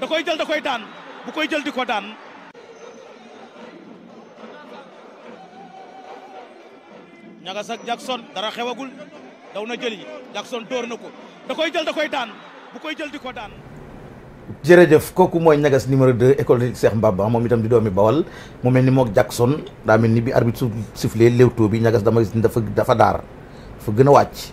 da koy jël da koy daan bu koy jël di ko daan dara xewagul daw na jëli Jackson dóor na ko da koy jël da koy daan bu koy jël di ko daan. jërëjëf kooku mooy ñagas numéro 2 école Cheikh Mbaba moom itam di doomi bawal mu mel ni moog Jackson daa mel ni bi arbitre su sifflé léewtoo bi ñagas dama gis dafa dafa daar dafa gën a wàcc.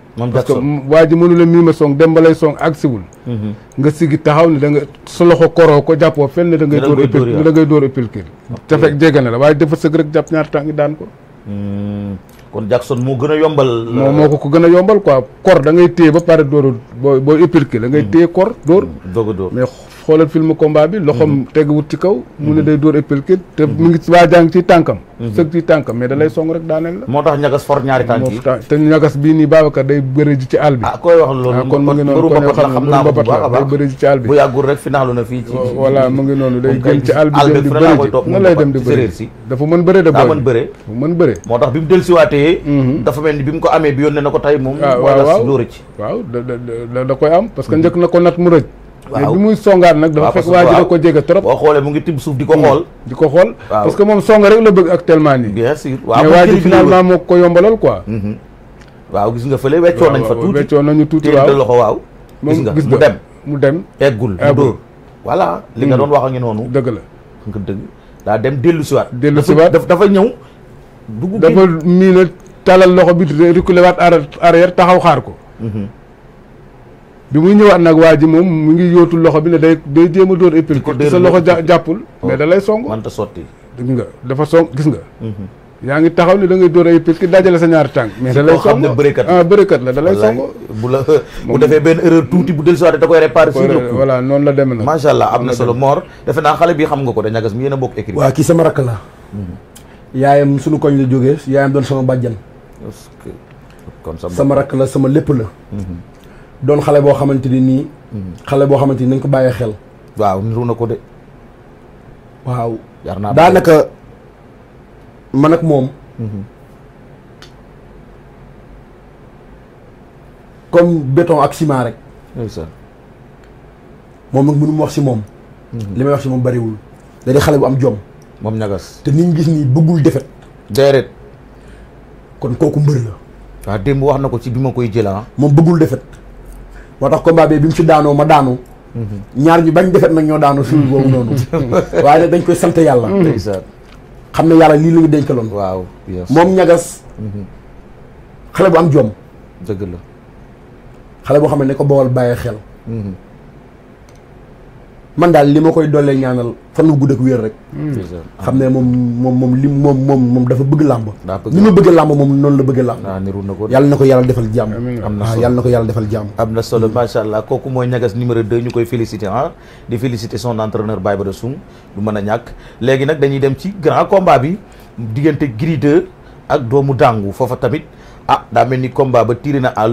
moom parce waa ji mënu la miima song dem ba lay siwul agsiwul mhm. nga sigi taxaw ne da nga sa loxo koroo ko jàppoo fenn ne da ngay dóor da ngay dóor épilkir te fekk jege na la waaye dafa sëg rek jàpp ñaar tànk daan ko hmm. kon Jackson moo gën a yombal moo ko ko gën a yombal quoi kor dangay ngay téye ba pare dóor boo boo épilkir da ngay hmm. téye kor dóor hmm. doog a dóor xoolal film combat bi. loxoom mhm. teguwut ci kaw. mu ne mhm. day dóor épelkit te mhm. mu ngi waa jàng ci tànkam. sëg ci tànkam mais da lay song rek daaneel la. moo tax a baax day bëri ji ci ah, ah, na fii ci. Oh, voilà mu ngi noonu day gën ci àll bi dem da booy mën ni bi mu ko amee bi yónnee na ko tey moom ah, waaw waaw koy am parce que njëkk na ko nat mu rëj waaw bi muy songaat nag dafa fekk waa ji da ko jege trop boo xoolee mu ngi tibb suuf di ko hmm. xool di ko xool parce que moom songa rek la bëgg actuellement nii bien sûr waaw mais waa ji finalement moo ko yombalal quoi mhm. waaw gis nga fële weccoon nañ fa tuuti weccoon nañu tuuti waaw téye loxo waaw gis nga mu dem mu dem eggul mu dóor voilà li nga hmm. doon wax a ngi noonu dëgg la nga dëgg daa dem dellu siwaat dellu siwaat dafa ñëw dugg dafa mii na talal loxo bi reculer waat arrière taxaw xaar ko mhm bi muy ñëwaat nak waa mom mu ngi yóotul loxo bi ne day day jéem door epil ko sa loxo jappul mais da lay song mënta sotti gis nga dafa song gis nga hmm yaangi taxaw ni da ngay door epil ki dajale sa ñaar tànk mais da lay song ah bërekat la da lay songu bu la bu defé ben erreur touti bu dellusiwaatee da koy réparer ci le voilà non la na ma sha allah amna solo Mor defe na xalé bi xam nga ko da ñagas mi yena bok écrit wa ki sama rak la mhm. yaayam suñu koñ la jógee yaayam doon sama badjan sama rak la sama lepp la mhm. doon xale boo xamante ni nii. Mhm. xale boo xamante ni nañ ko bàyyee xel. waaw niru na ko de. waaw. yar naa daanaka man ak moom. Mhm. comme beton ak ciment rek. moom nag mënu mu wax si moom. Mhm. li may wax si moom bariwul. da xale bu am jom. moom ñagas. te ni ñu gis nii bëggul defet. déedéet. kon kooku mbër la. waaw démb wax na ko ci bi ma koy jëla ah. moom bëggul defet. moo tax combat bi bi mu fi daanoo ma daanu. ñaar ñu bañ defet nag ñoo daanu suul boobu noonu. waaye nag dañ koy sant yàlla. Mm-hmm. xam ne yàlla lii la ñu dénkaloon. waaw moom ñagas. Mm-hmm. xale bu am jom. dëgg la xale boo xam ne ne ko bawal bàyyee xel. Mm-hmm. man daal li ma koy dollee ñaanal fan wu gudd ak rek. Hmm, xam ne moom moom moom li moom moom moom dafa bëgg làmb. daa bëgg ni ma bëgg làmb moom noonu la bëgg làmb. waaw ah, niru na ko yàlla na ko yàlla defal jàmm. am na ah, solo yàlla na ko yàlla defal jàmm. am na solo macha allah kooku mooy ñagas numéro 2 ñu koy félicité ah di félicité son entraîneur Baye Bada Soum du mën a ñàkk léegi nag dañuy dem ci grand combat bi diggante Gris ak doomu dàngu foofa tamit ah daa mel ni combat ba tiré na à